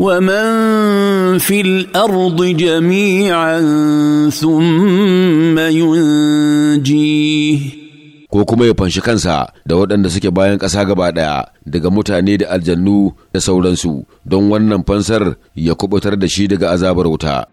ومن في الارض جميعا ثم ينجيه ko kuma ya fanshi kansa da waɗanda suke bayan ƙasa gaba ɗaya daga mutane da aljannu da sauransu don wannan fansar ya kubutar da shi daga azabar wuta